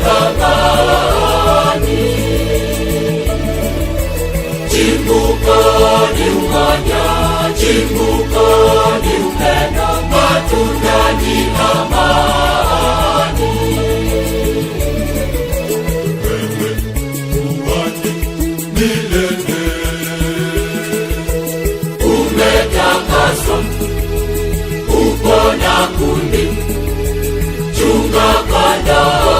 mipakani, chimbukoni umoja, chimbukoni upendo, matundani amani. Wewe uwani milele umetakaswa, uko kundi, chunga kondoo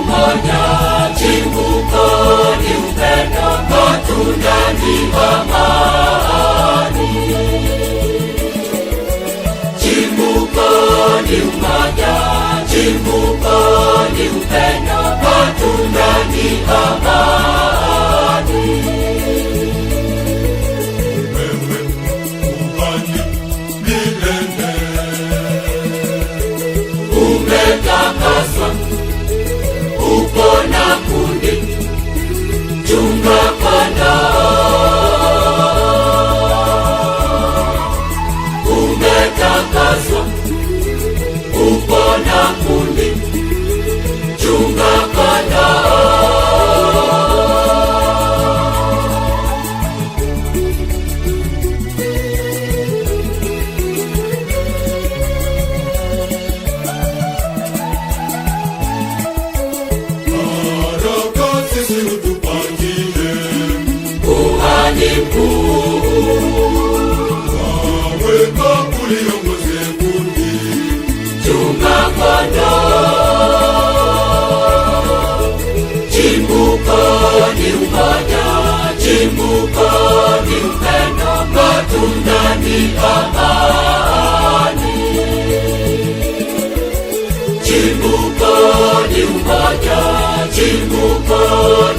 umoja, chimbuko ni upendo, matunda ni amani. Chimbuko ni umoja, chimbuko ni upendo, matunda ni amani. uliongoze kundi chuma-kondoo, chimbukoni umoja, chimbukoni upendo, matunda ni amani.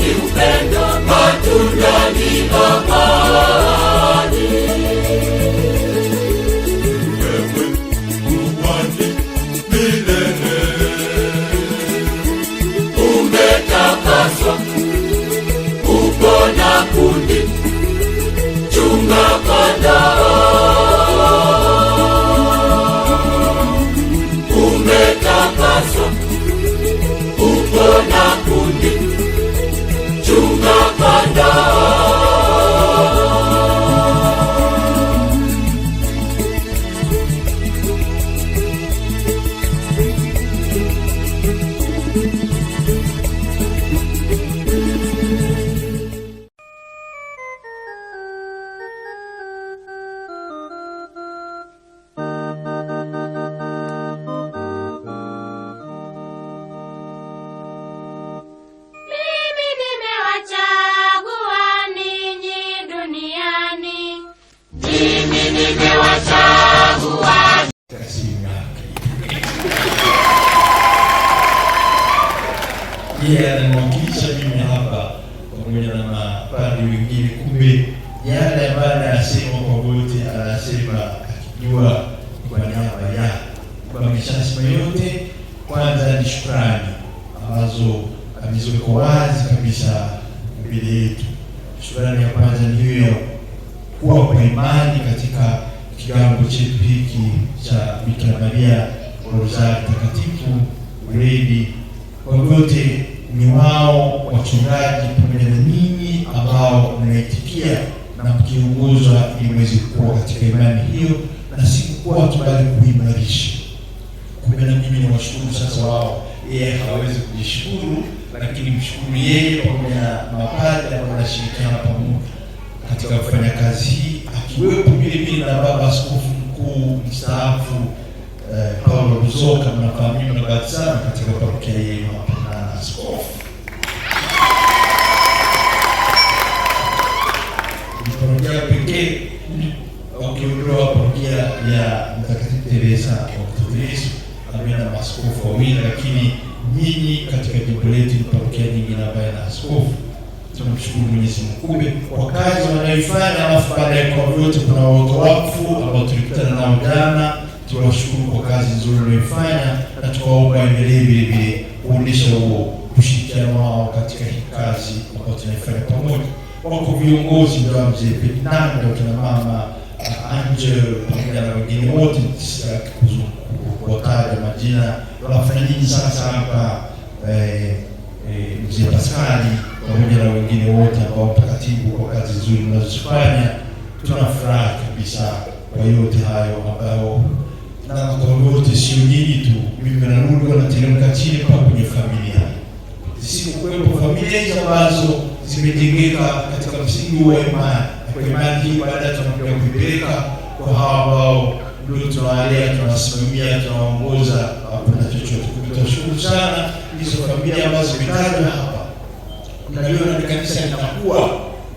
upendo, matunda ni amani. ndiye ananiwakilisha mimi hapa pamoja na mapadri wengine. Kumbe yale ambayo anayasema kwa wote anasema akijua kwa niaba ya ameshasema yote. Kwanza ni shukrani ambazo amezoweka wazi kabisa mbele yetu. Shukrani ya kwanza ni hiyo kuwa kwa imani katika kigango chetu hiki cha Bikira Maria wa Rozari Takatifu, uredi kwa vyote ni wao wachungaji pamoja na nyinyi ambao mnaitikia na kukiunguza ili mweze kuwa katika imani hiyo na sikukuwa kibali kuimarisha. Kumbe na mimi ni washukuru sasa wao, yeye hawezi kujishukuru, lakini mshukuru yeye pamoja na mapadri ambao wanashirikiana pamoja katika kufanya kazi hii, akiwepo vile vile na baba askofu mkuu mstaafu eh, Paulo Ruzoka, mnafahamika baadhi sana katika parokia yenu hapa askofu. parokia pekee wakiondoa parokia ya Mtakatifu Teresa wa Kitulisu ambayo na maaskofu wawili, lakini nyinyi katika jimbo letu ni parokia nyingine ambayo na askofu. Tunamshukuru Mwenyezi Mungu. Kumbe kwa kazi wanayoifanya, alafu baadaye kwa vyote kuna watu wakfu ambao tulikutana nao jana. Tunawashukuru kwa kazi nzuri wanayoifanya na tukaomba endelee vile vile kuonesha huo ushirikiano wao katika hii kazi ambayo tunaifanya pamoja. Wako viongozi ndio mzee Ferdinando, tuna mama uh, Angel pamoja na wengine wote, sitaki kuwataja majina. Wanafanya nini sasa hapa? Eh, eh, mzee Paskali pamoja na wengine wote ambao mtakatibu kwa kazi nzuri mnazozifanya, tuna furaha kabisa kwa yote hayo ambayo na kwa yote, sio nyinyi tu, mimi na Nuru wanateremka chini familia, zisikuwepo familia hizo ambazo zimejengeka katika msingi wa imani, Kwa imani hii baada tunakuja kuipeleka kwa hawa ambao ndio tunawalea, tunawasimamia, tunawaongoza. Hakuna chochote. Tunashukuru sana hizo familia ambazo zimetajwa hapa. Unajua na kanisa linakuwa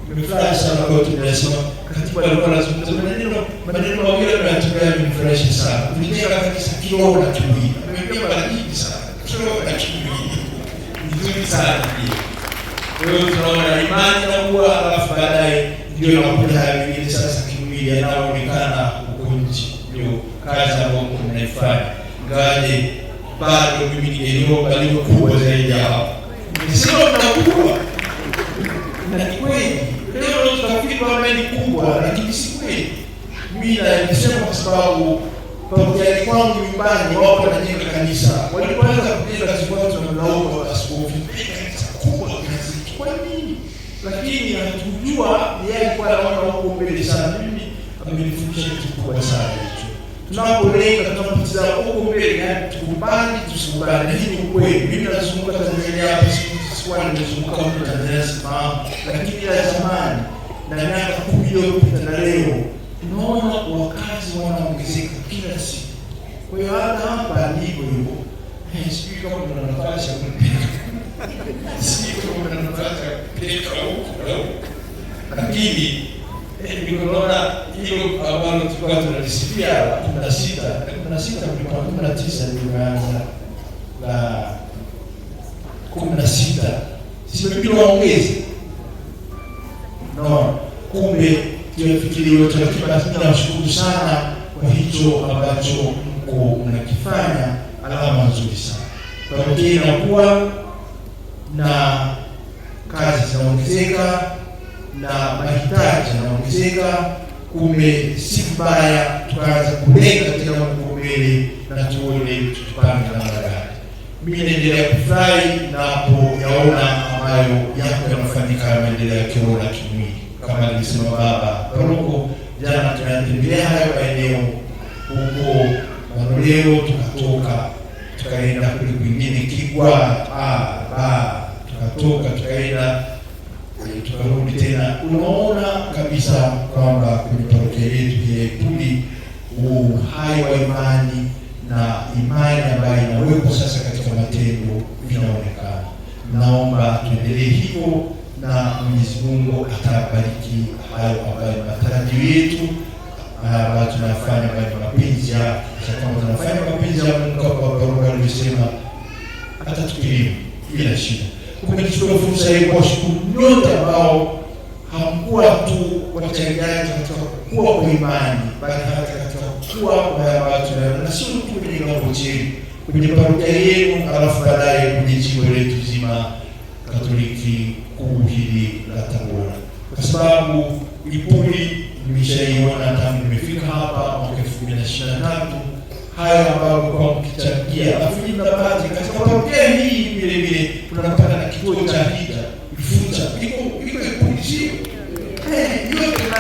nimefurahi sana kwa tunasema katiba alikuwa anazungumza maneno maneno mawili ambayo tunayatumia, nimefurahi sana kujenga kanisa kiroho na kimwili. Nimependa hili sana nzito, lakini nzuri sana pia. Kwa hiyo tunaona imani inakuwa, halafu baadaye ndio makundi haya mengine sasa kimwili yanayoonekana huko nje, ndio kazi ambayo mnaifanya ngaje. Bado mimi ningeliomba liwe kubwa zaidi hapo, nisio mnakuwa na kweli leo tunafikiri kwamba ni kubwa, lakini si kweli. Mimi naisema kwa sababu pamoja kwangu nyumbani wao wanajenga kanisa walipoanza kujenga Kigwa tunalaumu askofu kanisa kubwa kazi kwa nini? Lakini hatujua yeye alikuwa anaona huko mbele sana. Mimi amenifundisha kitu kubwa sana hicho. Tunapolenga tunapitiza huko mbele, yaani tukubali tusikubali, hii ni ukweli. Mimi nazunguka Tanzania hapa sikuwa nimezunguka huko Tanzania simama, lakini ya zamani na miaka kumi iliyopita na leo unaona wakazi wanaongezeka kila siku kwa hiyo hata hapa ni hivyo hivyo. Eh, sijui kama kuna nafasi ya kumpeleka. Sijui kama kuna nafasi ya kumpeleka huko leo. Lakini eh, nikaona hilo ambalo tulikuwa tunalisifia kuna sita, kuna sita kulikuwa kumi na tisa nimeanza na kumi na sita simepiga maongezi no, kumbe tumefikiri yote, lakini nawashukuru sana kwa hicho ambacho unakifanya alama nzuri sana. Kwa hiyo inakuwa na kazi zinaongezeka na mahitaji yanaongezeka, kumbe si mbaya tukaanza kulenga katika Mungu mbele na tuone tutupande namna gani. Mimi naendelea kufurahi napoyaona ambayo yako yanafanyika yanaendelea kiona kimwili, kama nilisema Baba Paroko jana, tunatembelea hayo maeneo huko bado leo tukatoka tukaenda kule kwingine Kigwa a ba tukatoka tukaenda tukarudi tena. Unaona kabisa kwamba kwenye parokia yetu ya Ipuli uhai wa imani na imani ambayo inawepo sasa katika matendo vinaonekana Naomba tuendelee hivyo na Mwenyezi Mungu atabariki hayo ambayo matarajio yetu na tunafanya kwa mapenzi yake, kama tunafanya mapenzi ya Mungu kwa Paulo alisema, hata tukilima bila shida. Kumbe nichukue fursa hii kuwashukuru nyote ambao hamkuwa tu wachangiaji katika kukua kwa imani, bali hata katika kukua kwa watu na sio tu kwenye mambo chini kwenye parokia yenu, alafu baadaye kwenye jimbo letu zima Katoliki kuu hili la Tabora, kwa sababu Lipuli nimeshaiona tangu nimefika hapa mwaka elfu mbili na ishirini na tatu hayo ambayo mlikuwa mkichangia, alafu hii katika parokia hii vile vile tunapata na kituo cha hija Ifunza, iko iko kikundi yote eh,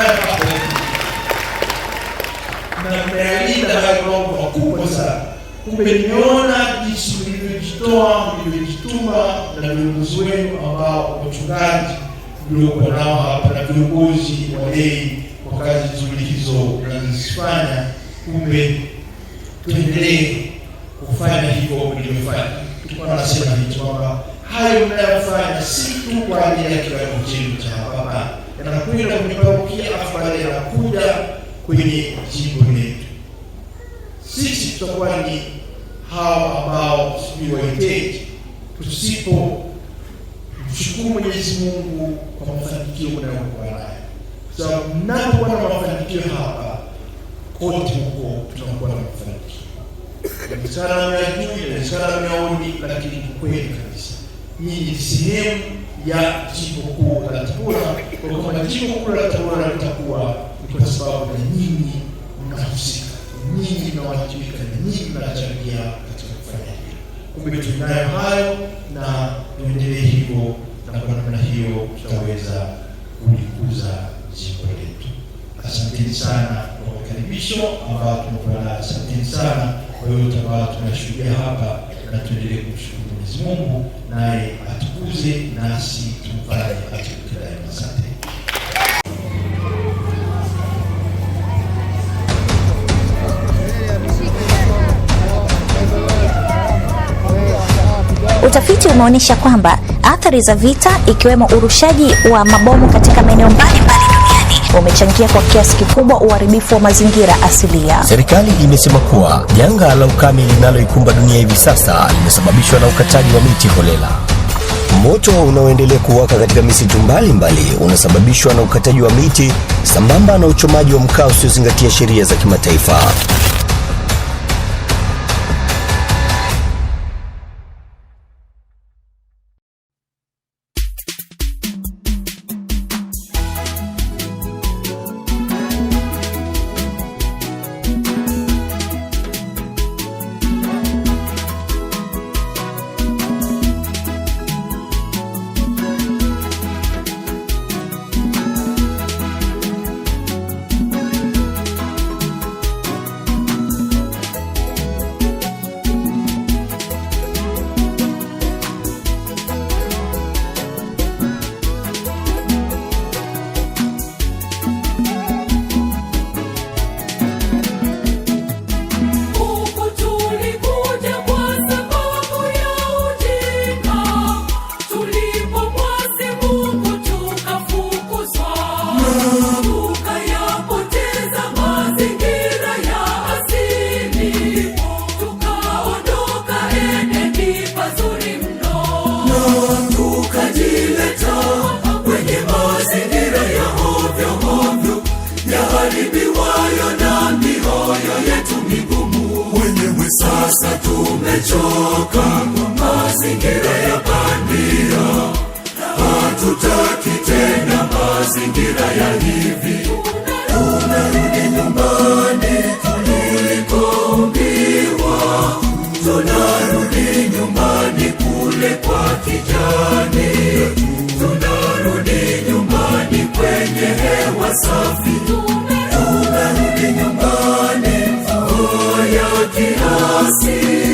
na hayo mambo makubwa sana. Kumbe niona jinsi mlivyojitoa, mlivyojituma na viongozi wenu ambao wachungaji mliokuwa nao hapa na viongozi walei kazi nzuri hizo unazifanya, kumbe tuendelee kufanya hivyo mlivyofanya. Tulikuwa tunasema hicho kwamba hayo mnayofanya si tu kwa ajili ya kiwango chenu cha hapa, yanakwenda kwenye parokia afu baadaye yanakuja kwenye jimbo letu. Sisi tutakuwa ni hao ambao sijui wahitaji, tusipo mshukuru Mwenyezi Mungu kwa mafanikio unayokuwa nayo sababu so, mnapokuwa na mafanikio hapa kote huko tunakuwa na mafanikio sana mnajua sana mnaoni, lakini kweli kabisa hii ni sehemu ya jimbo kuu la Tabora, kwa kama jimbo kuu la Tabora litakuwa ni kwa sababu na nyinyi mnahusika, nyinyi mnawajibika na nyinyi mnachangia katika kufanya hivyo. Kumbe tunayo hayo na tuendelee hivyo, na kwa namna hiyo tutaweza kulikuza jimbo letu. Asanteni sana kwa makaribisho ambayo Asanteni sana kwa yote ambayo tunashuhudia hapa, na tuendelee kumshukuru Mwenyezi Mungu, naye atukuze nasi Asante. Utafiti umeonyesha kwamba athari za vita ikiwemo urushaji wa mabomu katika maeneo mbalimbali wamechangia kwa kiasi kikubwa uharibifu wa mazingira asilia. Serikali imesema kuwa janga la ukame linaloikumba dunia hivi sasa limesababishwa na ukataji wa miti holela. Moto unaoendelea kuwaka katika misitu mbalimbali unasababishwa na ukataji wa miti sambamba na uchomaji wa mkaa usiozingatia sheria za kimataifa. tumechoka mazingira ya bandia, hatutaki tena mazingira ya hivi. Tunarudi nyumbani tulikoombiwa, tunarudi nyumbani kule kwa kijani, tunarudi nyumbani kwenye hewa safi, tunarudi nyumbani oya kiasi